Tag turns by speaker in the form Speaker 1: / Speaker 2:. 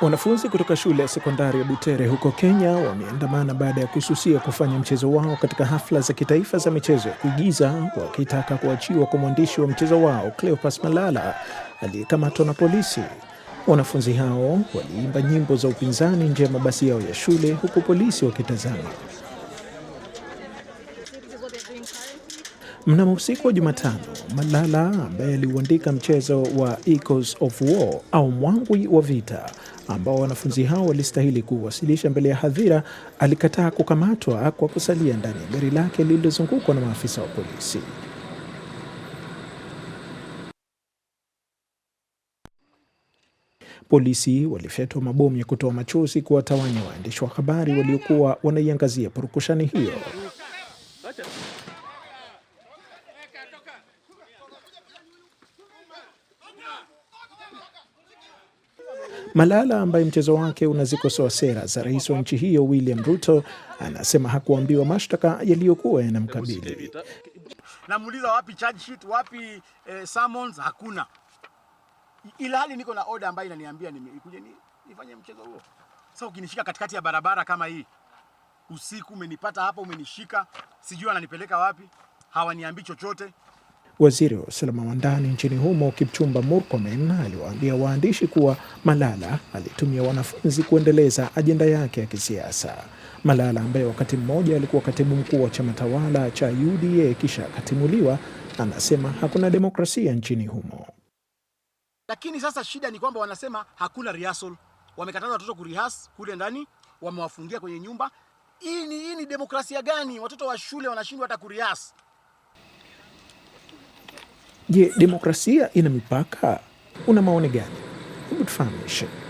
Speaker 1: Wanafunzi kutoka shule ya sekondari ya Butere huko Kenya wameandamana baada ya kususia kufanya mchezo wao katika hafla za kitaifa za michezo ya kuigiza wakitaka kuachiwa kwa mwandishi wa mchezo wao Cleopas Malala aliyekamatwa na polisi. Wanafunzi hao waliimba nyimbo za upinzani nje ya mabasi yao ya shule huku polisi wakitazama. Mnamo usiku wa Jumatano, Malala ambaye aliuandika mchezo wa Echoes of War au mwangwi wa vita ambao wanafunzi hao walistahili kuwasilisha mbele ya hadhira, alikataa kukamatwa kwa kusalia ndani ya gari lake lililozungukwa na maafisa wa polisi. Polisi walifyatua mabomu ya kutoa machozi kuwatawanya waandishi wa habari waliokuwa wanaiangazia purukushani hiyo. Malala ambaye mchezo wake unazikosoa sera za rais wa nchi hiyo William Ruto anasema hakuambiwa mashtaka yaliyokuwa yanamkabili.
Speaker 2: Namuuliza wapi charge sheet, wapi eh, summons? Hakuna, ila hali niko na order ambayo inaniambia nimekuja nifanye mchezo huo. Sasa ukinishika katikati ya barabara kama hii usiku, umenipata hapa, umenishika, sijui ananipeleka wapi, hawaniambii chochote.
Speaker 1: Waziri wa usalama wa ndani nchini humo Kipchumba Murkomen aliwaambia waandishi kuwa Malala alitumia wanafunzi kuendeleza ajenda yake ya kisiasa. Malala ambaye wakati mmoja alikuwa katibu mkuu wa chama tawala cha UDA kisha akatimuliwa, anasema hakuna demokrasia nchini humo.
Speaker 2: Lakini sasa shida ni kwamba wanasema hakuna rehearsal, wamekataza watoto kurihas kule ndani, wamewafungia kwenye nyumba. Hii ni demokrasia gani? Watoto wa shule wanashindwa hata kurihas.
Speaker 1: Je, demokrasia ina mipaka? Una maoni gani? Hebu tufahamishe.